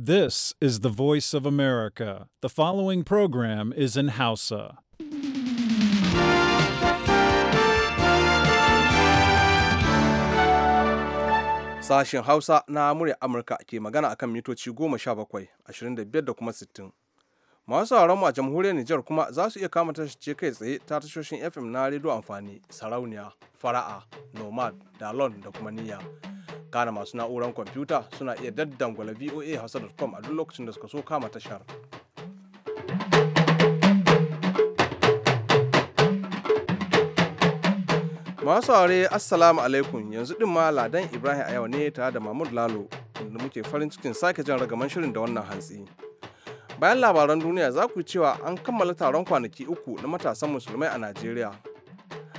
This is the voice of America. The following program is in Hausa. Sashen Hausa na murya Amurka ke magana akan mitoci goma sha bakwai, ashirin da biyar da kuma sittin. masu mu a jamhuriyar Nijar kuma za su iya kama ce kai tsaye ta tashoshin FM na rediyo amfani sarauniya fara'a nomad dalon da kuma niyya kana masu na'uran kwamfuta suna iya daddangwala voa hausa.com a duk lokacin da suka so kama tashar masu aure assalamu alaikum yanzu din ma ladan ibrahim a yau ne tare da mahmud lalo da muke farin cikin sake jan ragaman shirin da wannan hantsi. bayan labaran duniya za ku cewa an kammala taron kwanaki uku na matasan musulmai a najeriya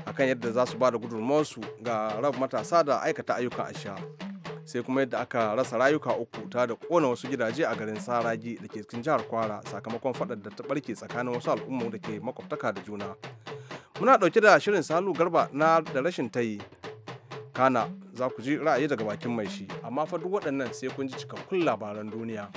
akan yadda za su ba da gudunmawarsu ga rab matasa da aikata ayyukan asha sai kuma yadda aka rasa rayuka uku ta da kona wasu gidaje a garin saragi da ke cikin jihar kwara sakamakon fadar da ta barke tsakanin wasu al'ummu da ke makwabtaka da juna muna dauke da shirin salu garba na da rashin tayi kana za ku ji ra'ayi daga bakin mai shi amma fa duk waɗannan sai kun ji cikakkun labaran duniya.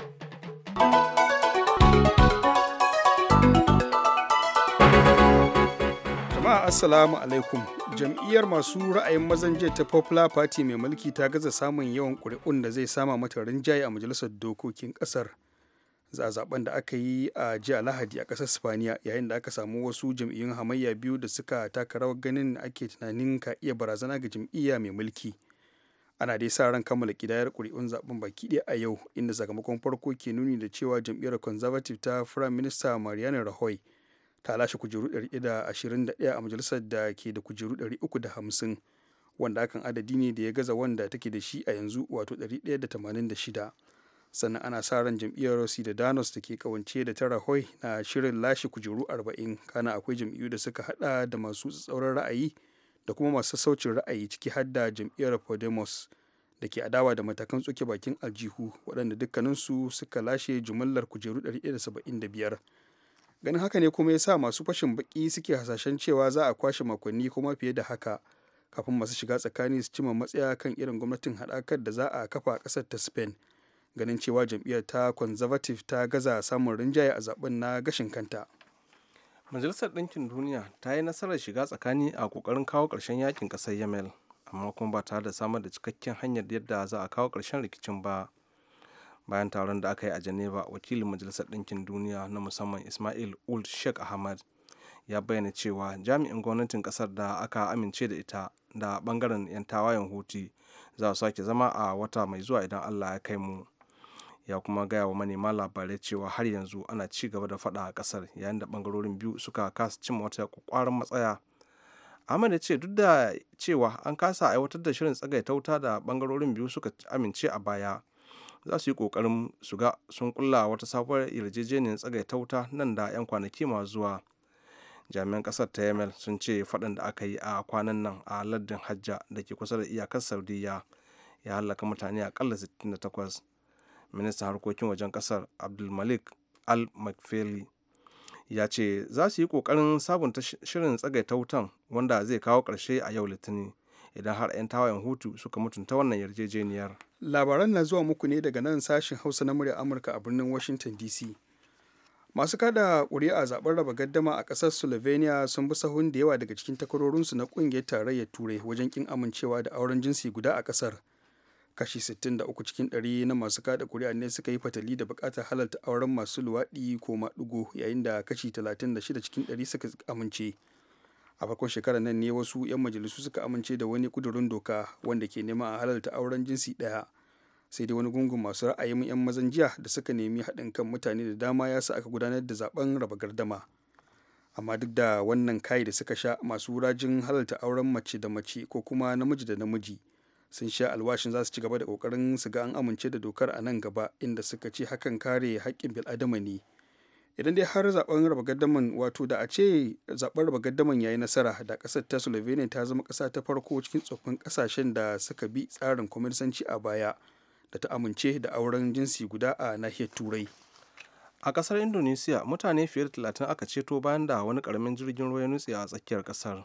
jama'a assalamu alaikum jam'iyyar masu ra'ayin mazan jiya ta popular party mai mulki ta gaza samun yawan ƙuri'un da zai sama mata rinjaye a majalisar dokokin ƙasar za zaben da aka yi a jiya lahadi a ƙasar spaniya yayin da aka samu wasu jam'iyyun hamayya biyu da suka taka rawar ganin ake tunanin ka iya barazana ga jam'iyya mai mulki ana dai sa ran kammala kidayar ƙuri'un zaben baki ɗaya a yau inda sakamakon farko ke nuni da cewa jam'iyyar conservative ta prime minister mariana rahoy ta lashe kujeru 121 a majalisar da ke da kujeru 350 wanda hakan adadi ne da ya gaza wanda take da shi a yanzu wato 186 sannan ana sa ran jam'iyyar Danos da ke kawance da tara hoi na shirin lashe kujeru 40 kana akwai jam'iyyu da suka hada da masu tsauran ra'ayi da kuma masu saucin ra'ayi ciki har jam'iyyar podemos da ke adawa da matakan tsoke bakin aljihu waɗanda dukkaninsu suka lashe jumlar kujeru 175 ganin haka ne kuma ya sa masu fashin baki suke hasashen cewa za a kwashe makonni kuma fiye da haka kafin masu shiga tsakani su cima matsaya kan irin gwamnatin haɗakar da za a kafa a ƙasar ta spain ganin cewa jam'iyyar ta conservative ta gaza samun rinjaye a zaben na gashin kanta majalisar ɗinkin duniya ta yi nasarar shiga tsakani a ƙoƙarin kawo ƙarshen yakin ƙasar yamel amma kuma ba tare da samar da cikakken hanyar yadda za a kawo ƙarshen rikicin ba bayan taron da aka yi a geneva wakilin majalisar ɗinkin duniya na musamman ismail ul sheikh ahmad ya bayyana cewa jami'in gwamnatin kasar da aka amince da ita da bangaren 'yan tawayen huti za su sake zama a wata mai zuwa idan allah ya kai mu ya kuma gaya wa manema labarai cewa har yanzu ana ci gaba da faɗa a kasar yayin da bangarorin biyu suka kasa cin wata kwakwaran matsaya ahmad ya ce duk da cewa an kasa aiwatar da shirin tsagaita wuta da bangarorin biyu suka amince a baya za su yi kokarin su sun kulla wata sabuwar yarjejeniyar tsagaita wuta nan da 'yan kwanaki masu zuwa jami'an kasar ta yamel sun ce faɗin da aka yi a kwanan nan a lardin hajja da ke kusa da iyakar saudiya ya halaka mutane akalla 68 ministan harkokin wajen kasar abdulmalik al makfeli ya ce za su yi kokarin sabunta shirin tsagaita wutan wanda zai kawo ƙarshe a yau litinin idan har 'yan tawayen hutu suka mutunta wannan yarjejeniyar labaran na zuwa muku ne daga nan sashen hausa na murya amurka a birnin washington dc masu kada ƙuri'a zaben raba gaddama a ƙasar slovenia sun bi sahun da yawa daga cikin takwarorinsu na ƙungiyar tarayyar turai wajen kin amincewa da auren jinsi guda a ƙasar kashi 63 cikin 100 na masu kada kuri'a ne suka yi fatali da bukatar halarta auren masu luwaɗi ko maɗigo yayin da kashi 36 cikin 100 suka amince a farkon shekarar nan ne wasu 'yan majalisu suka amince da wani kudurin doka wanda ke nema a halarta auren jinsi daya sai dai wani gungun masu ra'ayin 'yan mazan jiya da suka nemi haɗin kan mutane da dama ya sa aka gudanar da zaben raba gardama amma duk da wannan kayi da suka sha masu rajin halarta auren mace da mace ko kuma namiji da namiji sun sha alwashin za su ci gaba da kokarin su ga an amince da dokar a nan gaba inda suka ce hakan kare haƙƙin bil'adama ne idan dai har zaben raba gaddaman wato da a ce zaben raba gaddaman yayi nasara da kasar ta slovenia ta zama kasa ta farko cikin tsoffin kasashen da suka bi tsarin kwaminsanci a baya da ta amince da auren jinsi guda a nahiyar turai a kasar indonesia mutane fiye da talatin aka ceto bayan da wani karamin jirgin ruwa ya nutse a tsakiyar kasar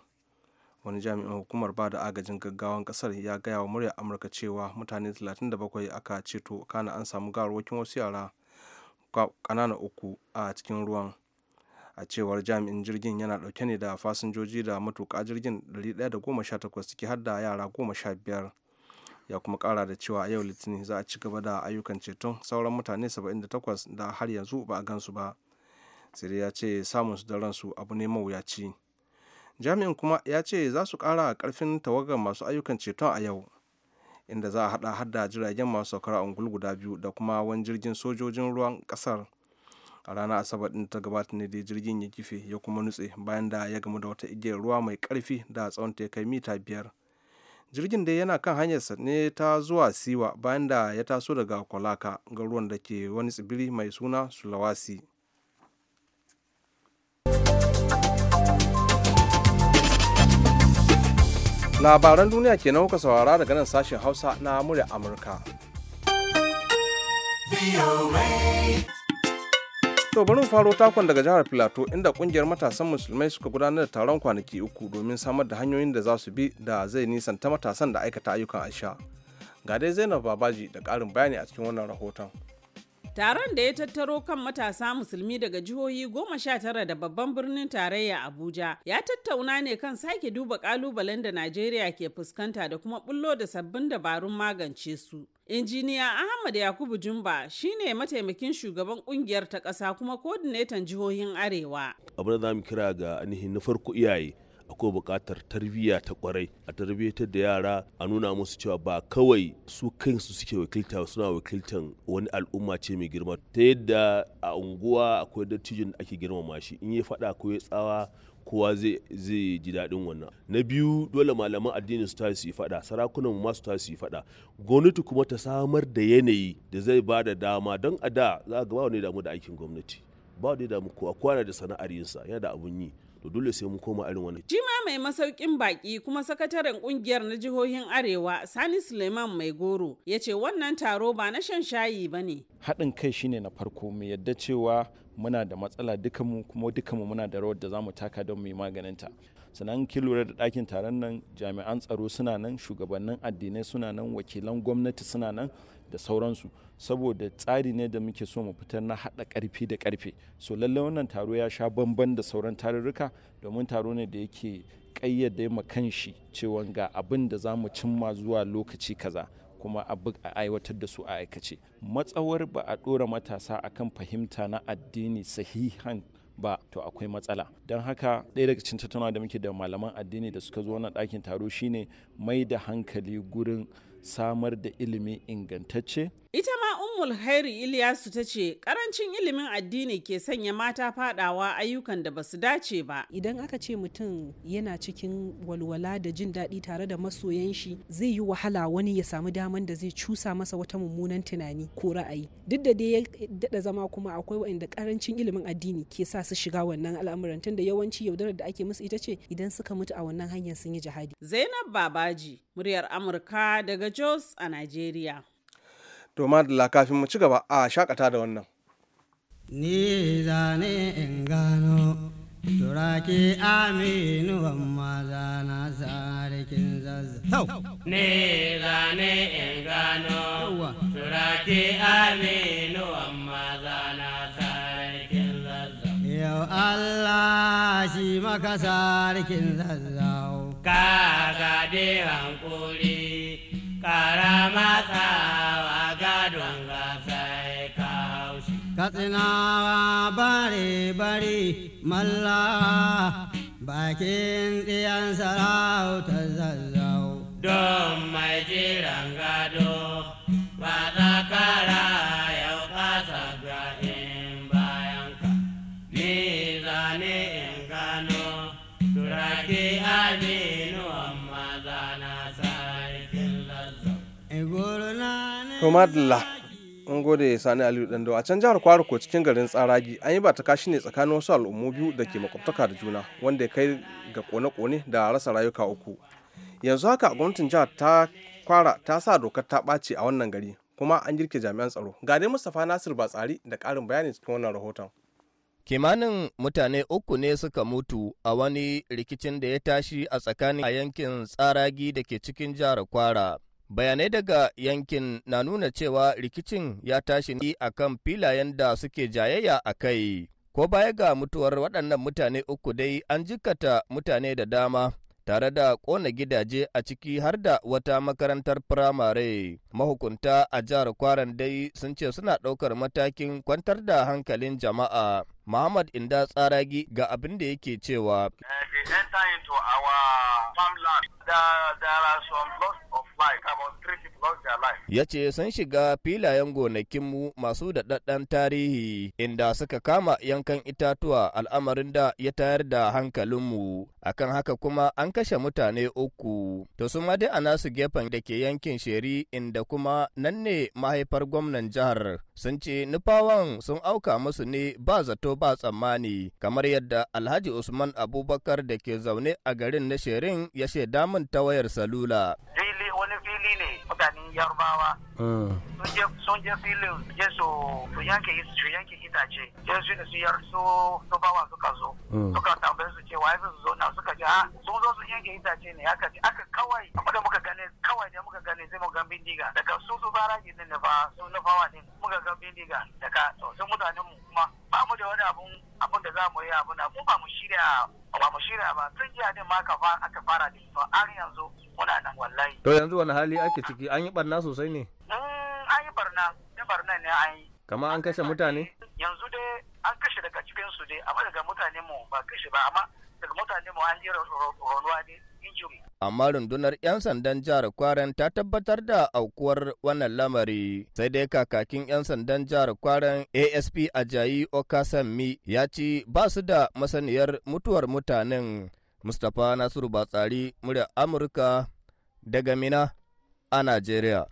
wani jami'in hukumar ba da agajin gaggawan kasar ya gaya wa murya amurka cewa mutane 37 aka ceto kana an samu gawarwakin wasu yara kanana uku a cikin ruwan a cewar jami'in jirgin yana dauke ne da fasinjoji da matuƙa jirgin 118 ciki har da yara 15 ya kuma ƙara da cewa a yau litinin za a ci gaba da ayyukan ceton sauran mutane 78 da har yanzu ba a gansu ba sai ya ce samun su da ransu abu ne mawuyaci jami'in kuma ya ce za su kara karfin tawagar masu ayyukan ceton a yau inda za a hada har da jiragen masu saukar ungulu guda biyu da kuma wani jirgin sojojin ruwan kasar a ranar asabar din ta gabata ne dai jirgin ya kife ya kuma nutse bayan da ya gamu da wata igiyar ruwa mai karfi da tsawon ta kai mita biyar jirgin dai yana kan hanyarsa ne ta zuwa siwa bayan da ya taso daga kolaka ruwan da ke wani tsibiri mai suna sulawasi labaran duniya kenan kuka saurara daga nan sashen hausa na murya amurka To bari mu faro takon daga jihar Filato inda kungiyar matasan musulmai suka gudanar da taron kwanaki uku domin samar da hanyoyin da za su bi da zai nisanta matasan da aikata ayyukan aisha. Ga dai Zainab Babaji da ƙarin bayani a cikin wannan rahoton. Taron da ya tattaro kan matasa musulmi daga jihohi goma sha tara da babban birnin tarayya Abuja ya tattauna ne kan sake duba kalubalen da Najeriya ke fuskanta da kuma bullo da sabbin dabarun magance su. Injiniya Ahmad Yakubu Jumba shine mataimakin shugaban kungiyar ta kasa kuma kodinetan jihohin Arewa. Abin da za mu kira ga ainihin na farko iyaye akwai buƙatar tarbiyya ta kwarai a tarbiyyatar da yara a nuna musu cewa ba kawai su kansu suke wakilta suna wakiltar wani al'umma ce mai girma ta yadda a unguwa akwai dattijin da ake girmama shi in ya faɗa ko ya tsawa kowa zai ji daɗin wannan na biyu dole malaman addini su tashi su yi faɗa sarakunan mu masu tashi su yi faɗa gwamnati kuma ta samar da yanayi da zai ba da dama don a da za a gaba wani damu da aikin gwamnati ba wani damu kowa kwana da sana'ar yinsa yana da abun yi to dole sai mu koma irin wannan jima mai masaukin baki kuma sakataren kungiyar na jihohin arewa sani suleiman mai goro ya ce wannan taro ba na shan shayi ba ne haɗin kai shine na farko mu yadda cewa muna da matsala dukanmu kuma dukanmu muna da rawar da za mu taka don mu yi maganinta sannan kin lura da ɗakin taron nan jami'an tsaro suna nan shugabannin addinai suna nan wakilan gwamnati suna nan da sauransu saboda tsari ne da muke so mu fitar na haɗa ƙarfi da ƙarfe so lallai wannan taro ya sha bamban da sauran tarurruka domin taro ne da yake ƙayyade ma kanshi cewa ga abin da za mu cimma zuwa lokaci kaza kuma a aiwatar da su a aikace matsawar ba a ɗora matasa akan fahimta na addini sahihan ba to akwai matsala don haka ɗaya daga cikin tattaunawa da muke da malaman addini da suka zo wannan ɗakin taro shine mai da hankali gurin samar da ilimi ingantacce. Ita ma Ummul hairi Ilyasu ta ce karancin ilimin addini ke sanya mata fadawa ayyukan da basu dace ba. Idan aka ce mutum yana cikin walwala da jin daɗi tare da masoyan shi zai yi wahala wani ya samu daman da zai cusa masa wata mummunan tunani ko ra'ayi. Duk da dai ya daɗa zama kuma akwai waɗanda karancin ilimin addini ke sa su shiga wannan al'amuran tunda yawanci yaudarar da ake musu ita ce idan suka mutu a wannan hanyar sun yi jihadi. Zainab Babaji muryar Amurka daga Jos a Najeriya. To madalla kafin mu ci gaba a shakata da wannan. Ni zane in gano turaki aminu amma zana zarikin zazza. Ni zane in gano turaki aminu amma zana zarikin zazza. Yau Allah shi maka zarikin zazzawa. ka gade hankuri kara matsawa gadon gasai kaushi katsinawa bare bare malla bakin ɗiyan sarauta zazzau don mai jiran gado ba kara yau kasa ga in bayan ka ni zane in gano turaki abin Kuma an gode sani aliyu dando a can jihar kwara ko cikin garin tsaragi an yi ba kashi ne tsakanin wasu al'ummu biyu da ke makwabtaka da juna wanda ya kai ga kone-kone da rasa rayuka uku yanzu haka gwamnatin jihar ta kwara ta sa dokar ta ɓace a wannan gari kuma an girke jami'an tsaro ga dai mustapha nasir batsari da ƙarin bayani cikin wannan rahoton kimanin mutane uku ne suka mutu a wani rikicin da ya tashi a tsakanin a yankin tsaragi da ke cikin jihar kwara bayanai daga yankin na nuna cewa rikicin ya tashi ni. a kan filayen da suke jayayya a kai ko baya ga mutuwar waɗannan mutane uku dai an jikata mutane da dama tare da ƙona gidaje a ciki har da wata makarantar firamare mahukunta a jihar kwaran dai sun ce suna ɗaukar matakin kwantar da hankalin jama'a Muhammad Inda Tsaragi ga abin da yake cewa. Ya ce sun shiga filayen gonakinmu masu daɗaɗɗen tarihi inda suka kama yankan itatuwa al'amarin da ya tayar da hankalinmu, akan haka kuma an kashe mutane uku. To su ma dai a nasu gefen da ke yankin sheri inda kuma nan ne mahaifar gwamnan jihar sun ce nufawan sun auka musu ne ba zato ba tsammani kamar yadda Alhaji Usman Abubakar da ke zaune a garin na sherin ya shaida min ta wayar salula. fili ne mutane yarbawa hmm. sun je filin je su yanke su yanke itace je su ne su yar su bawa suka zo hmm. suka tambaye su cewa ya su zo na suka ce a ah, sun zo su yanke itace ne aka ce aka kawai amma da muka gane kawai da muka gane sai mu ga bindiga daga su su fara ne na fawa ne muka ga bindiga daga to sun mutanen mu kuma ba mu da wani abun abun da za mu yi abun mu ba mu shirya ba mu shirya ba tun jiya ne ma ka fa aka fara da to har yanzu muna nan wallahi to yanzu wani hali ake ciki an yi barna sosai ne mm, an yi barna ne barna ne an yi kamar an kashe mutane yanzu dai an kashe daga cikin su dai amma daga mutane mu ba kashe ba amma daga mutane mu an ji raunuwa ne. injury. Amma rundunar 'yan sandan jihar Kwaren ta tabbatar da aukuwar wannan lamari. Sai dai kakakin 'yan sandan jihar Kwaren ASP Ajayi Okasanmi ya ci ba su da masaniyar mutuwar mutanen. Mustapha Nasiru Batsari, murya Amurka daga Mina a Najeriya.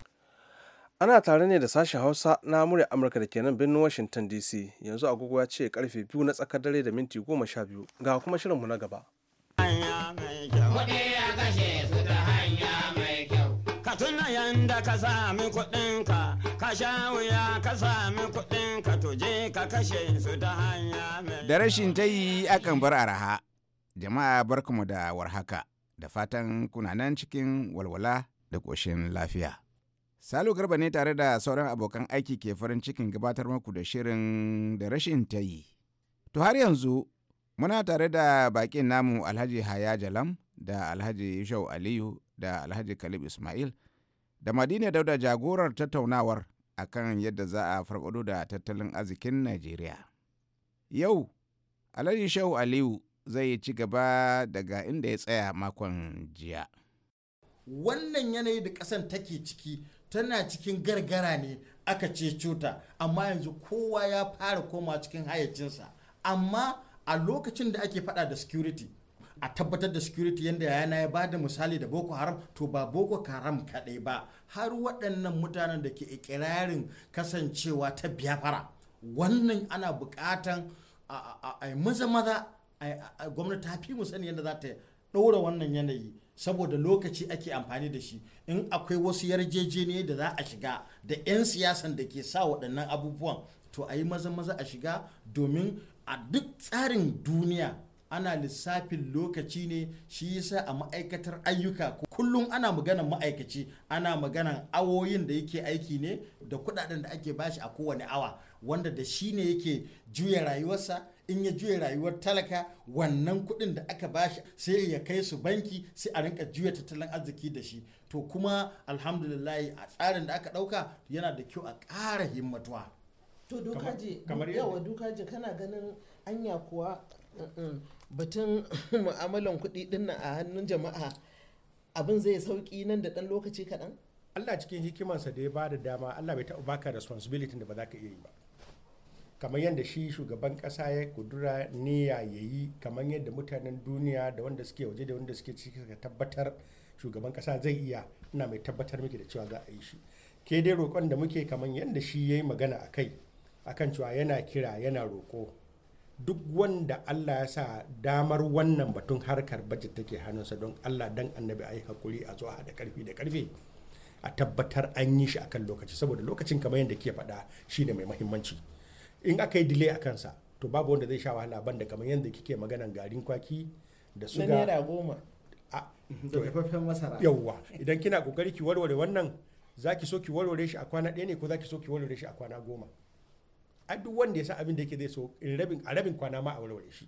Ana tare ne da sashen Hausa na murya Amurka da kenan birnin Washington DC yanzu agogo ya ce karfe biyu na tsakar dare da minti goma sha biyu ga kuma shirinmu na gaba. kuɗi a kashe su ta hanya mai kyau. Ka tuna yanda ka sami kuɗinka, ka sha wuya ka sami kuɗinka tuje ka kashe su ta hanya mai Da rashin ta yi akan bar araha. Jama'a barkamu da warhaka, da fatan kuna nan cikin walwala da ƙoshin lafiya. Salu Garba ne tare da sauran abokan aiki ke farin cikin gabatar muku da shirin da rashin ta yi. To har yanzu muna tare da bakin namu Alhaji Haya Jalam da alhaji Yushau aliyu da alhaji kalib ismail da madina dauda jagorar tattaunawar a kan yadda za a farfado da tattalin arzikin najeriya yau alhaji shau aliyu zai ci gaba daga inda ya tsaya makon jiya wannan yanayi da ƙasan take ciki tana cikin gargara ne aka ce cuta amma yanzu kowa ya fara koma cikin hayyacinsa amma a lokacin da ake fada da security a tabbatar da security yadda yana ya bada misali da boko haram to ba boko haram kaɗai ba har waɗannan mutanen da ke ikirarin kasancewa ta biyafara wannan ana buƙatan a maza maza gwamnati ta fi mu sani yadda za ta ɗora wannan yanayi saboda lokaci ake amfani da shi in akwai wasu yarjejeniya da za a shiga da 'yan siyasan da ke sa waɗannan abubuwan to a yi maza maza a shiga domin a duk tsarin duniya ana lissafin lokaci ne shi yasa a ma'aikatar ayyuka kullum ana maganan ma'aikaci ana maganan awoyin da yake aiki ne da kudaden da ake bashi a kowane awa wanda da shi ne yake juya rayuwarsa in ya juya rayuwar talaka wannan kuɗin da aka bashi sai ya kai su banki sai a rinka juya tattalin arziki da shi to kuma alhamdulillah a tsarin da aka ɗauka yana da kyau a ƙara himmatuwa to dukaji yawa dukaji kana ganin anya kuwa batun mu'amalan kuɗi ɗin a hannun jama'a abin zai sauƙi nan da ɗan lokaci kaɗan? Allah cikin hikimansa da ya ba da dama Allah bai taɓa baka responsibility da ba za ka iya yi ba. kamar yadda shi shugaban kasa ya kudura niyya ya yi kamar yadda mutanen duniya da wanda suke waje da wanda suke ciki suka tabbatar shugaban ƙasa zai iya ina mai tabbatar miki da cewa za a yi shi ke dai roƙon da muke kamar yadda shi ya yi magana a kai akan cewa yana kira yana roƙo duk wanda Allah ya sa damar wannan batun harkar budget take hannunsa don Allah dan annabi ayi hakuri a zuwa da karfi da karfi a tabbatar an yi shi akan lokaci saboda lokacin kamar yadda ke faɗa shi ne mai mahimmanci in aka yi delay a kansa to babu wanda zai sha wahala ban da kamar yadda kike maganan garin kwaki da suga naira goma da dafaffen masara yawwa idan kina kokari ki warware wannan zaki so ki warware shi a kwana ɗaya ne ko zaki so ki warware shi a kwana goma A duk wanda ya san abin da yake zai so a rabin kwana ma a warware shi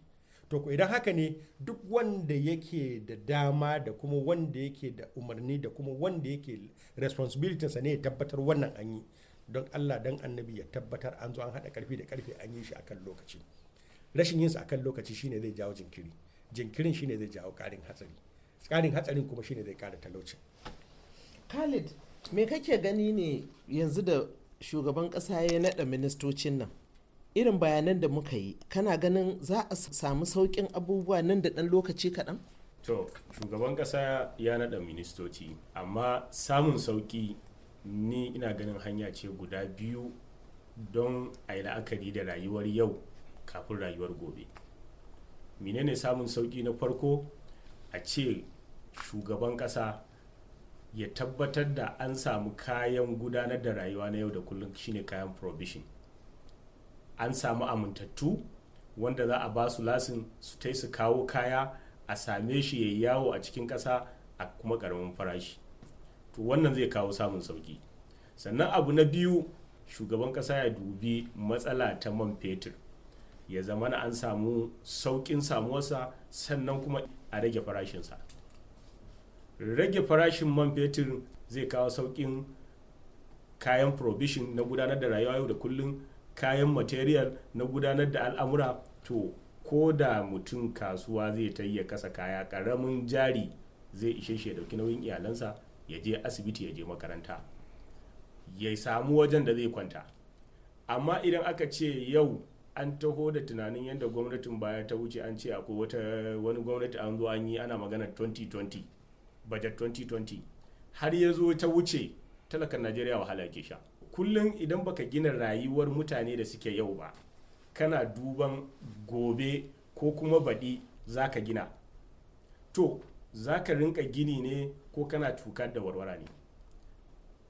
to ku idan haka ne duk wanda yake da dama da kuma wanda yake da umarni da kuma wanda yake responsibility sa ne ya tabbatar wannan an yi don Allah dan annabi ya tabbatar an zo an hada karfi da karfe an yi shi akan lokaci rashin yin sa akan lokaci shine zai jawo jinkiri jinkirin shine zai jawo karin hatsari karin hatsarin kuma shine zai kara talauci Khalid me kake gani ne yanzu da shugaban ƙasa ya naɗa ministocin nan irin bayanan da muka yi kana ganin za a samu sauƙin abubuwa nan da ɗan lokaci kaɗan? to shugaban ƙasa ya naɗa ministoci amma samun sauƙi ni ina ganin hanya ce guda biyu don a yi la'akari da rayuwar yau kafin rayuwar gobe menene samun sauƙi na farko a ce shugaban ƙasa ya tabbatar da an samu kayan gudanar da rayuwa na yau da kullum shine kayan provision an samu amintattu wanda za a ba su lasin su ta su kawo kaya a same shi ya yawo a cikin ƙasa a kuma ƙaramin farashi to wannan zai kawo samun sauki sannan abu na biyu shugaban ƙasa ya dubi matsala ta man fetur ya zama an samu sauƙin samuwarsa sannan kuma a rage farashinsa rage farashin man fetur zai kawo saukin kayan provision na gudanar da rayuwa yau da kullum kayan material na gudanar da al'amura to ko da mutum kasuwa zai ta iya kasa kaya karamin jari zai ishe shi ya nauyin iyalansa ya je asibiti ya je makaranta ya samu wajen da zai kwanta amma idan aka ce yau an taho da tunanin yadda gwamnatin baya ta wuce an ce akwai wata wani gwamnati an zo an yi ana magana 2020 budget 2020 har ya zo ta wuce talakan najeriya wahala ke sha kullum idan baka gina rayuwar mutane da suke yau ba kana duban gobe ko kuma baɗi za ka gina to za ka rinka gini ne ko kana tukar da warwara ne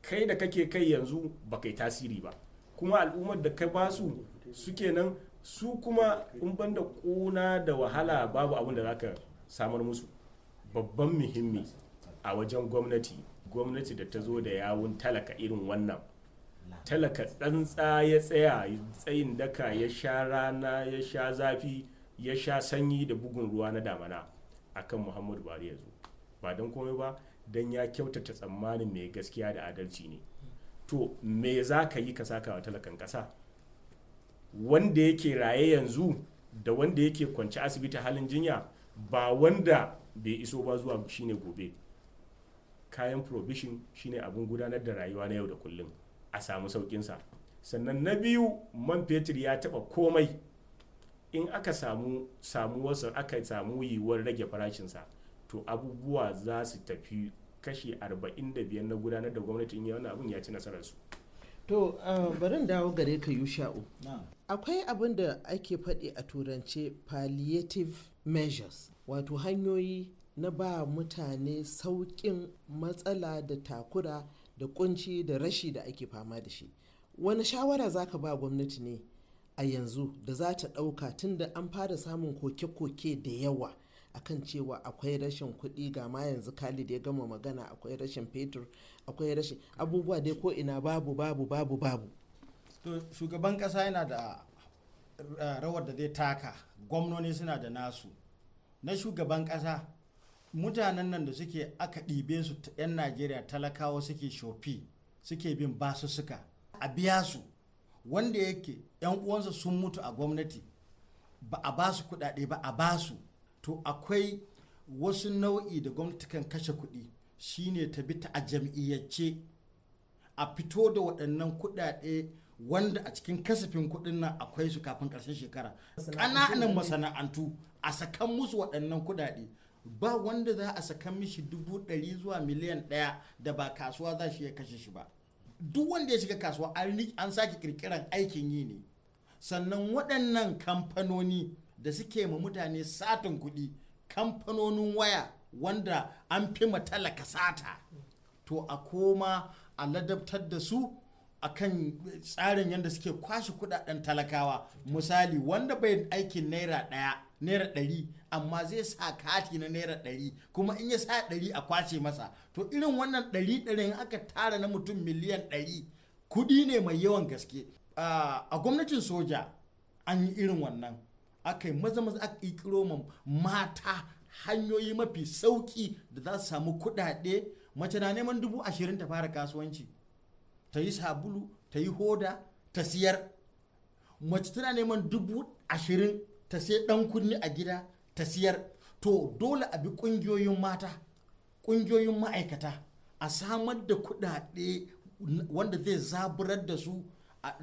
kai da kake kai yanzu ba kai tasiri ba kuma al'ummar da ka basu suke nan su kuma in banda kuna da wahala babu abin da za ka samar musu babban muhimmi a wajen gwamnati gwamnati da ta zo da yawun talaka irin wannan talaka tsantsa ya tsaya tsayin daka ya sha rana ya sha zafi ya sha sanyi da bugun ruwa na damana akan muhammadu buhari ya zo ba don komai ba don ya kyautata tsammanin mai gaskiya da adalci ne to me za ka yi ka saka wa talakan kasa wanda yake raye yanzu da wanda yake kwanci asibiti halin jinya ba wanda bai iso ba zuwa shine gobe kayan provision shine abin gudanar da rayuwa na yau da kullum a samu sauƙinsa sannan na biyu man fetur ya taba komai in aka samu samuwarsa aka samu yiwuwar rage farashinsa to abubuwa za su tafi kashi 45 na gudanar da gwamnatin ya abin ya ci nasararsu to barin dawo gare ka sha'o akwai abin da ake faɗi a turance palliative measures wato hanyoyi na ba mutane sauƙin matsala da takura da kunci da rashi da ake fama da shi wani shawara za ka ba gwamnati ne a yanzu da za ta ɗauka tun da an fara samun koke-koke da yawa akan cewa akwai rashin kuɗi ga ma yanzu khalid ya gama magana akwai rashin fetur akwai rashin abubuwa dai ko ina babu babu babu babu to shugaban ƙasa yana da eh, rawar da zai taka gwamnoni suna da nasu na shugaban ƙasa mutanen nan da suke aka ɗibe su 'yan najeriya talakawa suke shofi suke bin basussuka a biya su wanda yake 'yan uwansa sun mutu a gwamnati ba a basu kudade ba a basu to akwai wasu nau'i da gwamnati kan kashe kuɗi shine ta bi ta a jam'iyyace a fito da waɗannan kudade wanda a cikin kasafin kuɗin nan akwai su kafin ƙarshen shekara ƙananan masana'antu a sakan musu waɗannan kudade. ba wanda za a saka mishi dubu ɗari zuwa miliyan ɗaya da ba kasuwa za shi ya kashe shi ba duk wanda ya shiga kasuwa an sake kirkiran aikin yi ne sannan waɗannan kamfanoni da suke ma mutane satin kuɗi kamfanonin waya wanda an fi talaka sata to a koma a ladabtar da su a kan tsarin yadda suke kwashe kudaden talakawa misali wanda bai aikin naira ɗaya naira ɗari amma zai sa kati na naira ɗari kuma in ya sa ɗari a kwace masa to irin wannan ɗari in aka tara na mutum miliyan ɗari kuɗi ne mai yawan gaske a gwamnatin soja an yi irin wannan aka yi maza maza aka ƙirƙiro mata hanyoyi mafi sauki da za su samu kuɗaɗe mace na neman dubu ashirin ta fara kasuwanci ta yi sabulu ta yi hoda ta siyar mace tana neman dubu ashirin ta sai dan kunni a gida ta siyar to dole a bi kungiyoyin mata kungiyoyin ma'aikata a samar da kudade wanda zai zaburar da su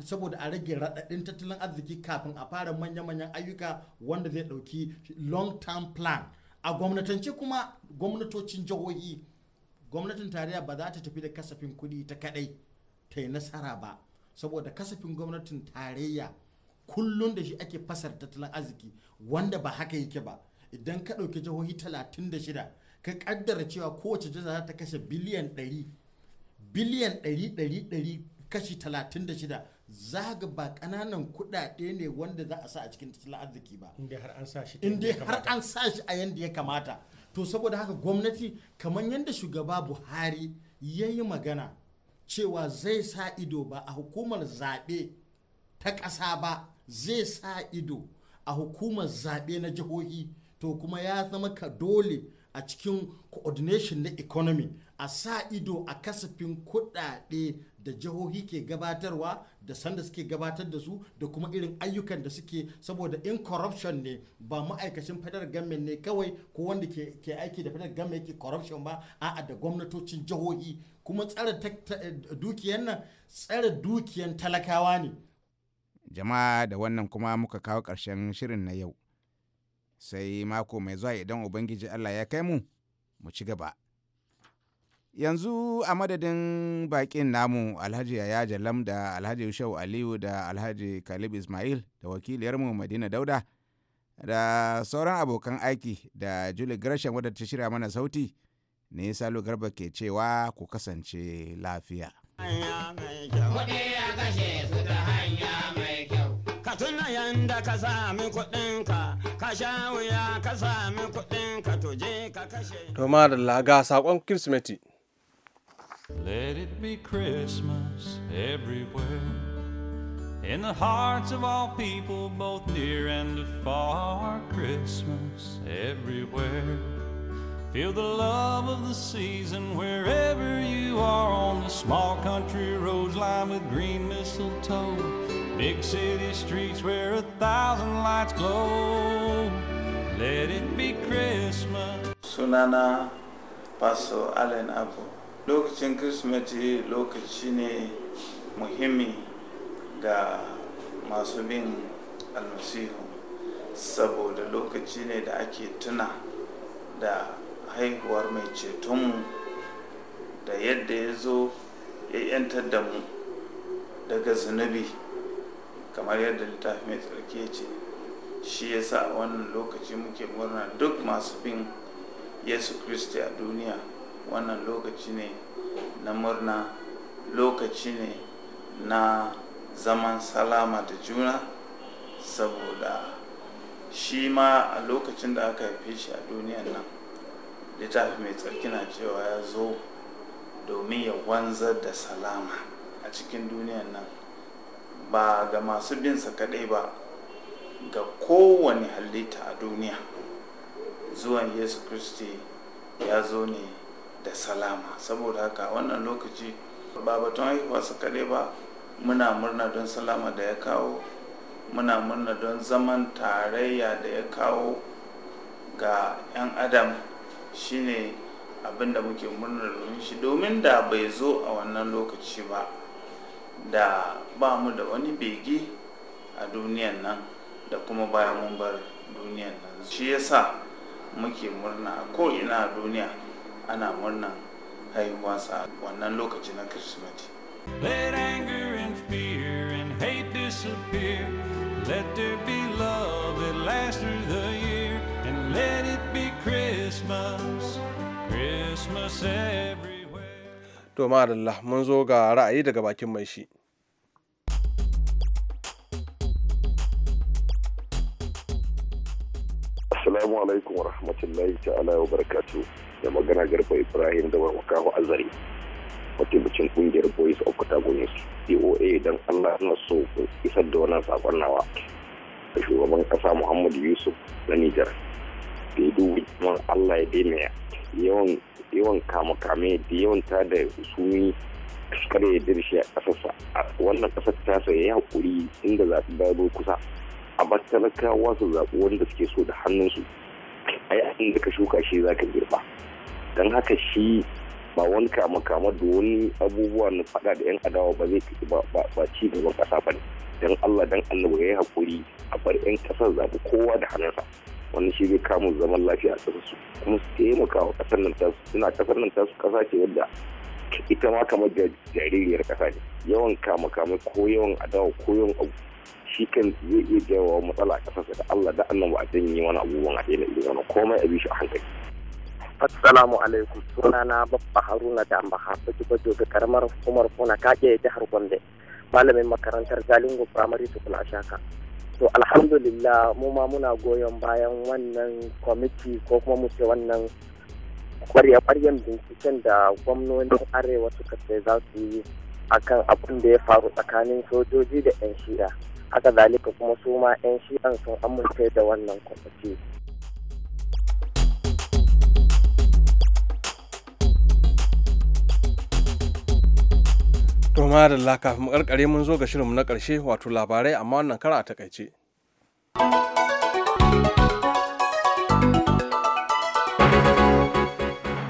saboda a rage raɗaɗin tattalin arziki kafin a fara manya-manyan ayyuka wanda zai ɗauki long-term plan a gwamnatance kuma gwamnatocin jihohi gwamnatin tarayya ba za ta tafi da kasafin kuɗi ta kaɗai ta yi nasara ba saboda kasafin gwamnatin tarayya kullum da shi ake fasar tattalin arziki wanda ba haka yake ba idan ka ɗauki jihohi 36 ka kaddara cewa kowace jiha za ta kashe biliyan 100 biliyan 100 kashi 36 za ga ba ƙananan kuɗaɗe ne wanda za a sa a cikin tattalin arziki ba inda har an sa shi a yadda ya kamata to saboda haka gwamnati kamar yadda shugaba buhari ya yi magana cewa zai sa ido ba a hukumar zaɓe ta ƙasa ba zai sa ido a hukumar zaɓe na jihohi to kuma ya zama ka dole a cikin coordination na economy a sa ido a kasafin kuɗaɗe da jihohi ke gabatarwa da sanda suke gabatar da su da kuma irin ayyukan da suke saboda in corruption ne ba ma'aikacin federal government ne kawai ko wanda ke aiki da fadar government yake corruption ba a'a da gwamnatocin jihohi kuma tsara dukiyan nan tsare dukiyan talakawa ne jama'a da wannan kuma muka kawo ƙarshen shirin na yau sai mako mai zuwa idan ubangiji allah ya kai mu mu ci gaba yanzu a madadin baƙin namu alhaji yaya jalam da alhaji shau aliyu da alhaji kalib ismail da wakiliyarmu madina dauda da sauran abokan aiki da julie gresham wadda ta shirya mana sauti ne salo garba ke cewa ku kasance lafiya. ka sami ka sha wuya ka sami to je ka kashe to sakon kirsimeti let it be christmas everywhere in the hearts of all people both near and afar christmas everywhere Feel the love of the season wherever you are on the small country roads lined with green mistletoe. Big city streets where a thousand lights glow. Let it be Christmas. Sunana Paso Allen Abu. Lokacin Kirsimeti lokaci ne muhimmi ga masu bin almasihu saboda lokaci ne da ake tuna da haihuwar mai cetonmu da yadda ya zo ya 'yantar da mu daga zunubi. kamar yadda littafi mai tsarki ya ce shi yasa a wannan lokaci muke murna duk masu bin yesu kristi a duniya wannan lokaci ne na murna lokaci ne na zaman salama da juna saboda shi ma a lokacin da aka haife shi a duniyan nan littafi mai tsarki na cewa ya zo domin ya wanzar da salama a cikin duniyan nan ba ga masu bin sa kaɗai ba ga kowane halitta a duniya zuwan yesu kristi ya zo ne da salama saboda haka wannan lokaci ba batun su kaɗai ba muna murna don salama da ya kawo muna murna don zaman tarayya da ya kawo ga 'yan adam shine abin da muke murna domin shi domin da bai zo a wannan lokaci ba da ba mu da wani bege a duniyan nan da kuma bayan mun bar duniyan nan shi yasa muke murna a ko'ina a duniya ana murnan haihuwarsa wannan lokaci na kirsimeti Let anger and fear and hate disappear. Let there be love that lasts through the year. And let it be Christmas, Christmas everywhere. To, mun zo ga ra'ayi daga bakin mai shi. Assalamu alaikum wa rahmatullahi ta'ala wa barakatu da magana garba Ibrahim da barmakahu azari. Mataimakin kungiyar Boys of Protagonist DOA don Allah na so isar da wannan sakon nawa. Da shugaban kasa Muhammadu Yusuf na Nijar. Da yi Allah ya daina yawan yawan kame da yawan tada sumi kare ya dirshe a kasarsa. Wannan kasar ta ya haƙuri inda zaɓi bayan kusa. amma talakawa su zaɓi wanda suke so da hannunsu a abin da ka shuka shi za ka girba don haka shi ba wani kama kama da wani abubuwa na faɗa da yan adawa ba zai fi ba ci gaban ƙasa ba ne don allah don allah ya yi haƙuri a bar yan ƙasar zaɓi kowa da hannunsa wani shi zai kamun zaman lafiya a kuma su taimaka wa ƙasar nan tasu suna ƙasar nan tasu ƙasa ce wadda ita ma kamar jaririyar ƙasa ne yawan kama kama ko yawan adawa ko yawan abu shi kan zai iya jawo matsala a kasar da Allah da annabi a yi wani abubuwan a daina irin wani komai a bi a hankali. Assalamu alaikum sunana babba Haruna da Mahafa Jibajo ga karamar hukumar Funa Kage jihar Gombe malamin makarantar zalingo Primary School a Shaka. To alhamdulillah mu ma muna goyon bayan wannan kwamiti ko kuma mu ce wannan kwarya-kwaryen binciken da gwamnoni arewa suka ce za su yi akan abin da ya faru tsakanin sojoji da 'yan shida. haka zalika kuma su ma 'yan shi'an sun amince da wannan kwamiti to ma da kafin mu karkare mun zo ga shirinmu na ƙarshe, wato labarai amma wannan kara a takaice.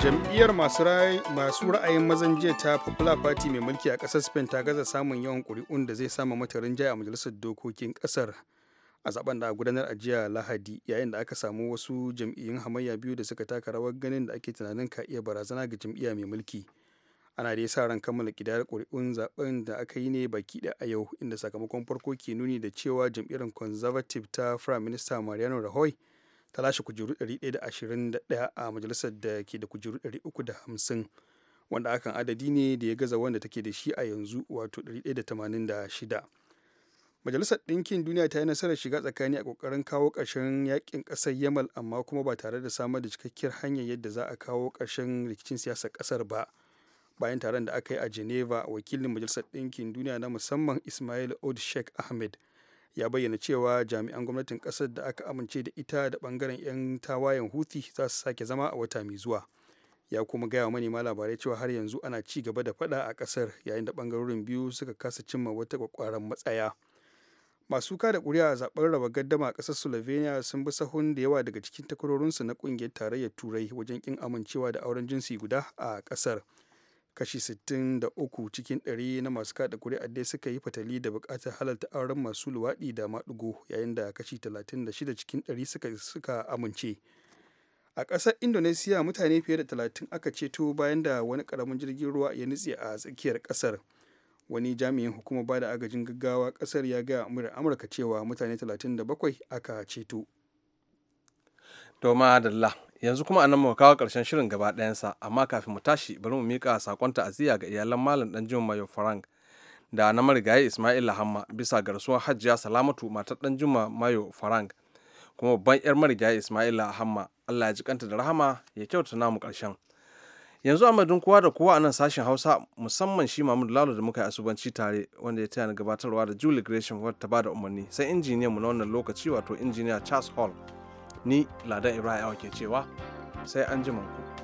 jam'iyyar masu ra'ayin mazan jiya ta popular party mai mulki a ƙasar spain ta gaza samun yawan ƙuri'un da zai sama mata rinjaye a majalisar dokokin ƙasar a zaben da a gudanar a jiya lahadi yayin da aka samu wasu jam'iyyun hamayya biyu da suka taka rawar ganin da ake tunanin ka iya barazana ga jam'iyya mai mulki ana ya sa ran kammala kidayar ƙuri'un zaben da aka yi ne baki da a yau inda sakamakon farko ke nuni da cewa jam'iyyar conservative ta prime minister mariano rajoy ta lashe kujeru 121 a majalisar da ke da kujeru 350 wanda akan adadi ne da ya gaza wanda take da shi a yanzu wato 186 majalisar ɗinkin duniya ta yi nasarar shiga tsakani a ƙoƙarin kawo ƙarshen yakin ƙasar yamal amma kuma ba tare da samar da cikakkiyar hanyar yadda za a kawo ƙarshen rikicin siyasar ƙasar ba bayan taron da aka yi a geneva wakilin majalisar ɗinkin duniya na musamman ismail old sheikh ahmed ya bayyana cewa jami'an gwamnatin kasar da aka amince da ita da bangaren 'yan tawayen huti za su sake zama a wata mai zuwa ya kuma gaya wa manema labarai cewa har yanzu ana ci gaba da fada a kasar yayin da bangarorin biyu suka kasa cimma wata kwakwaran matsaya masu kada kuri'a a zaben raba gaddama a kasar slovenia sun bi sahun da yawa daga cikin takwarorinsu na kungiyar tarayyar turai wajen kin amincewa da auren jinsi guda a kasar kashi 63 cikin 100 na masu kada kuri'ar dai suka yi fatali da bukatar halarta auren masu luwaɗi da maɗigo yayin da kashi 36 cikin 100 suka amince a ƙasar indonesiya mutane fiye da 30 aka ceto bayan da wani ƙaramin jirgin ruwa ya nutse a tsakiyar ƙasar wani jami'in hukumar bada agajin gaggawa ƙasar ya gaya amurka cewa mutane 37 aka ceto Doma yanzu kuma anan mu kawo karshen shirin gaba sa amma kafin mu tashi bari mu mika sakon ta'aziyya ga iyalan malam dan juma mayo frank da na marigayi ismail hamma bisa ga rasuwar hajjiya salamatu matar dan juma mayo frank kuma babban yar marigayi ismail hamma allah ya ji kanta da rahama ya kyauta namu karshen yanzu amadun kowa da kowa a nan sashen hausa musamman shi mahmud lalo da muka yi asubanci tare wanda ya taya ni gabatarwa da julie gresham wadda ta bada umarni sai injiniyan mu na wannan lokaci wato injiniya charles hall ni ladan ibrahim ke cewa sai an ji ku.